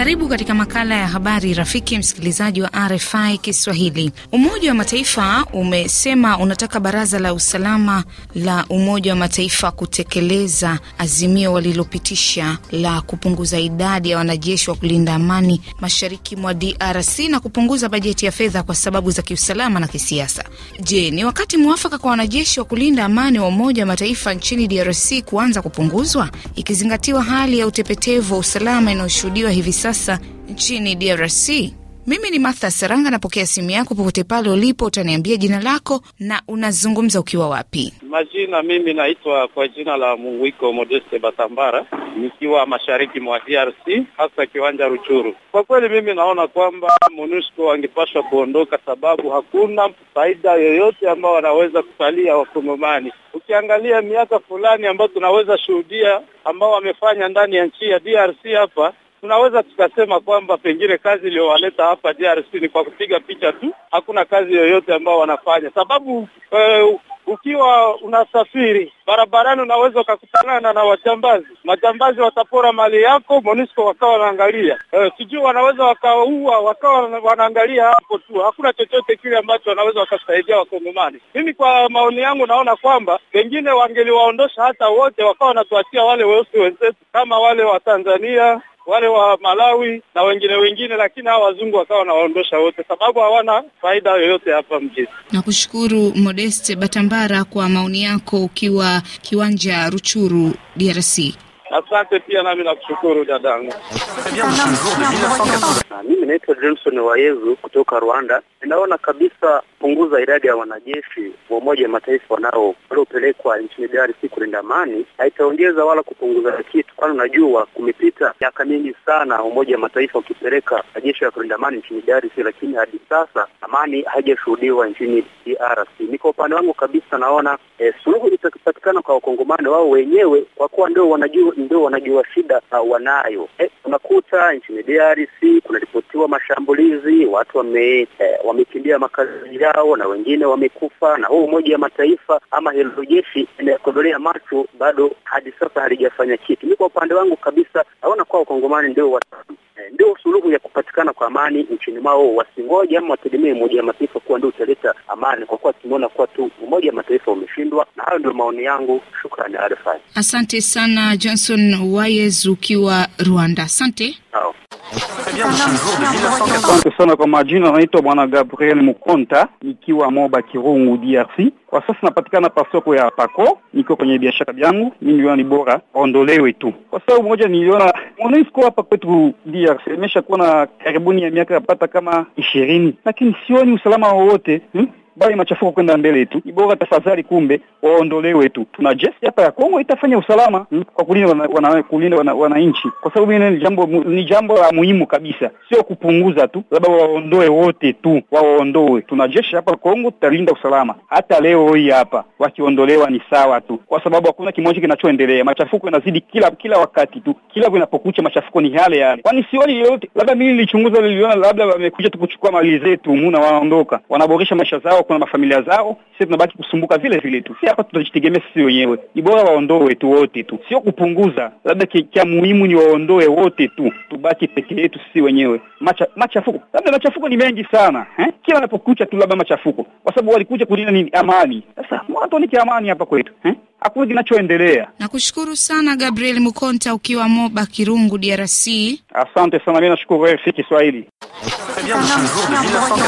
Karibu katika makala ya habari rafiki, msikilizaji wa RFI Kiswahili. Umoja wa Mataifa umesema unataka baraza la usalama la Umoja wa Mataifa kutekeleza azimio walilopitisha la kupunguza idadi ya wanajeshi wa kulinda amani mashariki mwa DRC na kupunguza bajeti ya fedha kwa sababu za kiusalama na kisiasa. Je, ni wakati mwafaka kwa wanajeshi wa kulinda amani wa Umoja wa Mataifa nchini DRC kuanza kupunguzwa, ikizingatiwa hali ya utepetevu wa usalama inayoshuhudiwa hivi sasa sasa nchini DRC. Mimi ni Martha Saranga, napokea simu yako popote pale ulipo, utaniambia jina lako na unazungumza ukiwa wapi? Majina, mimi naitwa kwa jina la Munguiko Modeste Batambara, nikiwa mashariki mwa DRC, hasa kiwanja Ruchuru. Kwa kweli mimi naona kwamba MONUSCO wangepashwa kuondoka, sababu hakuna faida yoyote ambao wanaweza kusalia Wakongomani. Ukiangalia miaka fulani ambayo tunaweza shuhudia ambao wamefanya ndani ya nchi ya DRC hapa tunaweza tukasema kwamba pengine kazi iliyowaleta hapa DRC ni kwa kupiga picha tu, hakuna kazi yoyote ambayo wanafanya, sababu eh, ukiwa unasafiri barabarani unaweza ukakutanana na wajambazi. Majambazi watapora mali yako, MONUSCO wakawa wanaangalia, eh, sijui wanaweza wakaua, wakawa wanaangalia hapo tu, hakuna chochote kile ambacho wanaweza wakasaidia Wakongomani. Mimi kwa maoni yangu naona kwamba pengine wangeliwaondosha hata wote, wakawa wanatuachia wale weusi wenzetu kama wale wa Tanzania wale wa Malawi na wengine wengine, lakini hawa wazungu wakawa wanawaondosha wote, sababu hawana faida yoyote hapa mjini. Nakushukuru Modeste Batambara kwa maoni yako ukiwa kiwanja Ruchuru DRC. Asante pia nami nakushukuru dadangu. Ah, mimi naitwa Johnson Wayezu kutoka Rwanda. Ninaona kabisa punguza idadi ya wanajeshi wa Umoja wa Mataifa wanao waliopelekwa nchini DRC kulinda amani haitaongeza wala kupunguza kitu, kwani unajua kumepita miaka mingi sana Umoja wa Mataifa ukipeleka majeshi ya kulinda amani nchini DRC, lakini hadi sasa amani haijashuhudiwa nchini DRC. Ni kwa upande wangu kabisa naona eh, suluhu itapatikana kwa wakongomani wao wenyewe kwa kuwa ndio wanajua ndio wanajua shida wanayo. Eh, unakuta nchini DRC kunaripotiwa mashambulizi, watu wame, eh, wamekimbia makazi yao na wengine wamekufa, na huu Umoja wa Mataifa ama hilo jeshi inakodolea macho bado hadi sasa halijafanya kitu. Mi kwa upande wangu kabisa naona kwa Wakongomani ndio ndio suluhu ya kupatikana kwa amani nchini mwao. Wasingoje ama wategemee Umoja wa Mataifa kuwa ndio utaleta amani, kwa kuwa tumeona kuwa tu Umoja wa Mataifa umeshindwa. Na hayo ndio maoni yangu, shukrani. Asante sana Johnson Wayes ukiwa Rwanda, asante. Asante sana kwa majina, naitwa Bwana Gabriel Mukonta, nikiwa Moba Kirungu, DRC. Kwa sasa napatikana pa soko ya Pako, nikiwa kwenye biashara yangu. Mimi niliona ni bora ondolewe tu, kwa sababu moja, niliona MONUSCO hapa kwetu DRC imeshakuwa na karibuni ya miaka yapata kama ishirini, lakini sioni usalama wowote hmm? bali machafuko kwenda mbele tu, ni bora tafadhali, kumbe waondolewe tu. Tuna jeshi hapa ya Kongo itafanya usalama hmm, kwa kulinda wana, kulinda wananchi wana, wana kwa sababu ni jambo ni jambo la muhimu kabisa, sio kupunguza tu, labda waondoe wote tu, waondoe. Tuna jeshi hapa Kongo, tutalinda usalama. Hata leo hii hapa wakiondolewa ni sawa tu, kwa sababu hakuna kimoja kinachoendelea. Machafuko yanazidi kila kila wakati tu, kila vinapokucha machafuko ni yale yale, kwani sioni yote. Labda mimi nilichunguza, niliona labda wamekuja tu kuchukua mali zetu, muna wanaondoka, wanaboresha maisha zao wako na mafamilia zao, sisi tunabaki kusumbuka vile vile tu. Si hapa tunajitegemea sisi wenyewe, ni bora waondoe tu wote tu, sio kupunguza. Labda kia muhimu ni waondoe wote tu, tubaki peke yetu sisi wenyewe. Macha, machafuko labda machafuko ni mengi sana eh? Kila anapokucha tu labda machafuko, kwa sababu walikuja kulinda nini? Amani. Sasa mwatoniki amani hapa kwetu eh? Hakuna kinachoendelea. Nakushukuru sana Gabriel Mukonta ukiwa Moba Kirungu, DRC. Asante sana, mimi nashukuru wewe Kiswahili.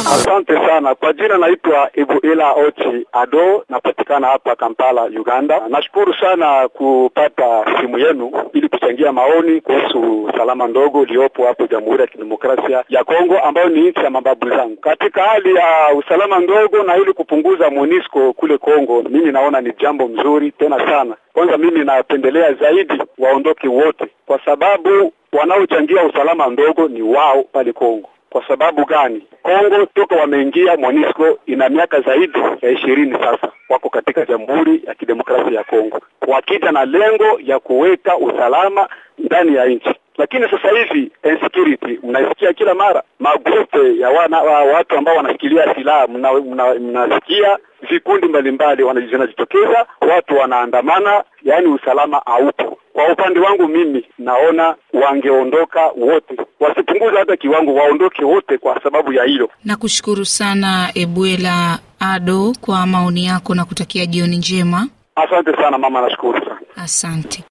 Asante sana kwa jina, naitwa Ibuila Ochi Ado, napatikana hapa Kampala, Uganda. Nashukuru sana kupata simu yenu ili kuchangia maoni kuhusu salama ndogo iliyopo hapo Jamhuri ya Kidemokrasia ya Kongo, ambayo ni nchi ya mababu zangu katika hali ya usalama ndogo, na ili kupunguza MONUSCO kule Kongo, mimi naona ni jambo mzuri tena sana. Kwanza mimi napendelea zaidi waondoke wote, kwa sababu wanaochangia usalama ndogo ni wao pale Kongo. Kwa sababu gani? Kongo toka wameingia MONUSCO ina miaka zaidi ya ishirini sasa, wako katika Jamhuri ya Kidemokrasia ya Kongo wakija na lengo ya kuweka usalama ndani ya nchi lakini sasa hivi insecurity eh, mnasikia kila mara, magrupe ya wana, wa, watu ambao wanashikilia silaha mnasikia mna, mna vikundi mbalimbali vinajitokeza, watu wanaandamana, yaani usalama haupo. Kwa upande wangu mimi naona wangeondoka wote, wasipunguze hata kiwango, waondoke wote kwa sababu ya hilo. Nakushukuru sana Ebuela Ado kwa maoni yako na kutakia jioni njema. Asante sana mama, nashukuru sana, asante.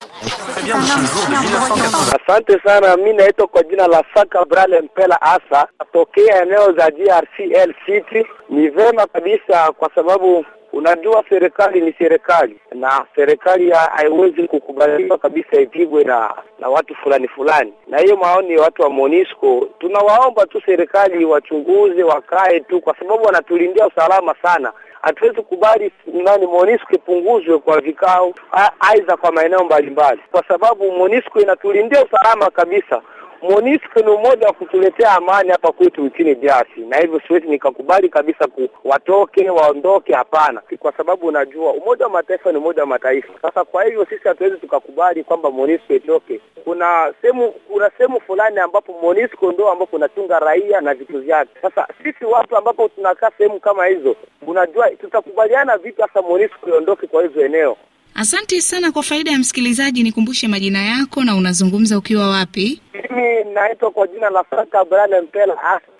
Asante sana. Mi naitwa kwa jina la Saka Brale Mpela Asa, natokea eneo za grcl City. Ni vema kabisa kwa sababu unajua serikali ni serikali na serikali haiwezi kukubaliwa kabisa ipigwe na na watu fulani fulani, na hiyo maoni ya watu wa Monisco, tunawaomba tu serikali wachunguze, wakae tu, kwa sababu wanatulindia usalama sana. Hatuwezi kubali nani Monisco ipunguzwe kwa vikao aidha kwa maeneo mbalimbali, kwa sababu Monisco inatulindia usalama kabisa. MONUSCO ni umoja wa kutuletea amani hapa kwetu nchini DRC, na hivyo siwezi nikakubali kabisa ku watoke waondoke, hapana, kwa sababu unajua Umoja wa Mataifa ni Umoja wa Mataifa. Sasa kwa hivyo sisi hatuwezi tukakubali kwamba MONUSCO itoke. Kuna sehemu kuna sehemu fulani ambapo MONUSCO ndio ambapo unachunga raia na vitu vyake. Sasa sisi watu ambapo tunakaa sehemu kama hizo, unajua tutakubaliana vipi hasa MONUSCO iondoke kwa hizo eneo? Asante sana. Kwa faida ya msikilizaji, nikumbushe majina yako na unazungumza ukiwa wapi? Mimi naitwa kwa jina la Franka Brian Mpela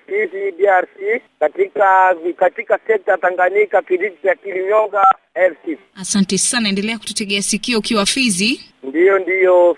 hizi DRC katika katika sekta Tanganyika, kijiji cha Kilinyonga Asante sana, endelea kututegea sikio ukiwa Fizi. Ndiyo, ndiyo.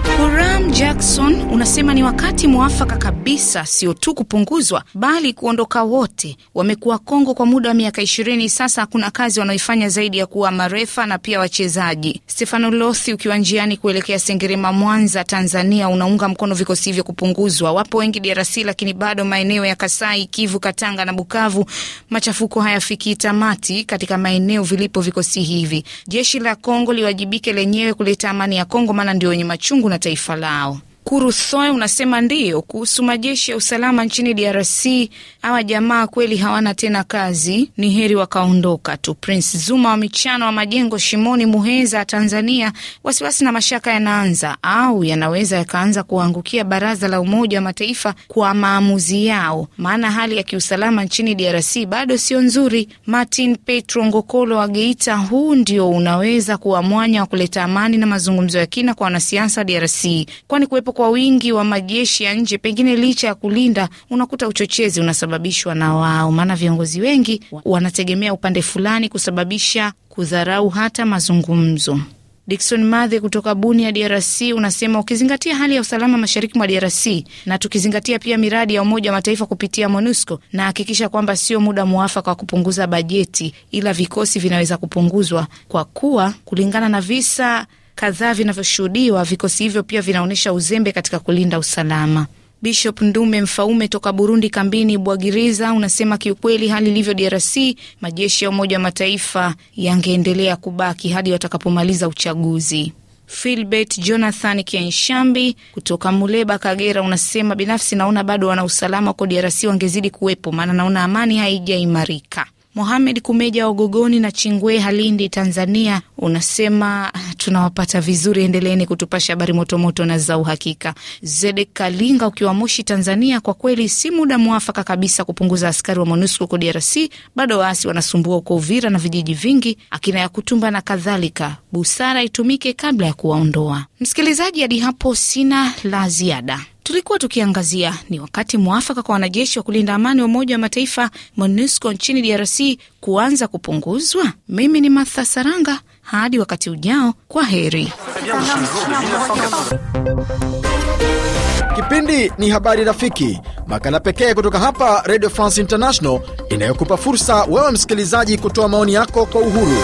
Jackson unasema ni wakati mwafaka kabisa, sio tu kupunguzwa bali kuondoka wote. Wamekuwa Kongo kwa muda wa miaka ishirini sasa, hakuna kazi wanaoifanya zaidi ya kuwa marefa na pia wachezaji. Stefano Lothi, ukiwa njiani kuelekea Sengerema, Mwanza, Tanzania, unaunga mkono vikosi hivyo kupunguzwa. Wapo wengi DRC, lakini bado maeneo ya Kasai, Kivu, Katanga na Bukavu machafuko hayafikii tamati katika maeneo vilipo vikosi hivi. Jeshi la Kongo liwajibike lenyewe kuleta amani ya Kongo, maana ndio wenye machungu na taifa lao. now. Kurusoe unasema ndiyo, kuhusu majeshi ya usalama nchini DRC, hawa jamaa kweli hawana tena kazi, ni heri wakaondoka tu. Prince Zuma wa michano wa majengo Shimoni, Muheza, Tanzania, wasiwasi na mashaka yanaanza au yanaweza yakaanza kuangukia baraza la Umoja wa Mataifa kwa maamuzi yao, maana hali ya kiusalama nchini DRC bado sio nzuri. Martin Petro Ngokolo wa Geita, huu ndio unaweza kuwa mwanya wa kuleta amani na mazungumzo ya kina kwa wanasiasa wa DRC, kwani kuwepo kuwepo kwa wingi wa majeshi ya nje, pengine licha ya kulinda, unakuta uchochezi unasababishwa na wao, maana viongozi wengi wanategemea upande fulani kusababisha kudharau hata mazungumzo. Dikson Mathe kutoka buni ya DRC, unasema ukizingatia hali ya usalama mashariki mwa DRC na tukizingatia pia miradi ya Umoja wa Mataifa kupitia MONUSCO na hakikisha kwamba sio muda mwafaka wa kupunguza bajeti, ila vikosi vinaweza kupunguzwa kwa kuwa kulingana na visa kadhaa vinavyoshuhudiwa, vikosi hivyo pia vinaonyesha uzembe katika kulinda usalama. Bishop Ndume Mfaume toka Burundi, kambini Bwagiriza, unasema kiukweli, hali ilivyo DRC, majeshi ya Umoja wa Mataifa yangeendelea kubaki hadi watakapomaliza uchaguzi. Filbert Jonathan Kenshambi kutoka Muleba, Kagera, unasema binafsi naona bado wana usalama huko DRC, wangezidi kuwepo, maana naona amani haijaimarika. Mohamed Kumeja Ogogoni na Chingwe Halindi, Tanzania, unasema tunawapata vizuri, endeleeni kutupasha habari motomoto na za uhakika. Zedek Kalinga ukiwa Moshi, Tanzania, kwa kweli si muda mwafaka kabisa kupunguza askari wa MONUSCO huko DRC. Bado waasi wanasumbua huko Uvira na vijiji vingi, akina ya Kutumba na kadhalika. Busara itumike kabla ya kuwaondoa. Msikilizaji, hadi hapo sina la ziada tulikuwa tukiangazia ni wakati mwafaka kwa wanajeshi wa kulinda amani wa Umoja wa Mataifa MONUSCO nchini DRC kuanza kupunguzwa. Mimi ni Martha Saranga, hadi wakati ujao, kwa heri. Kipindi ni Habari Rafiki, makala pekee kutoka hapa Radio France International inayokupa fursa wewe msikilizaji kutoa maoni yako kwa uhuru.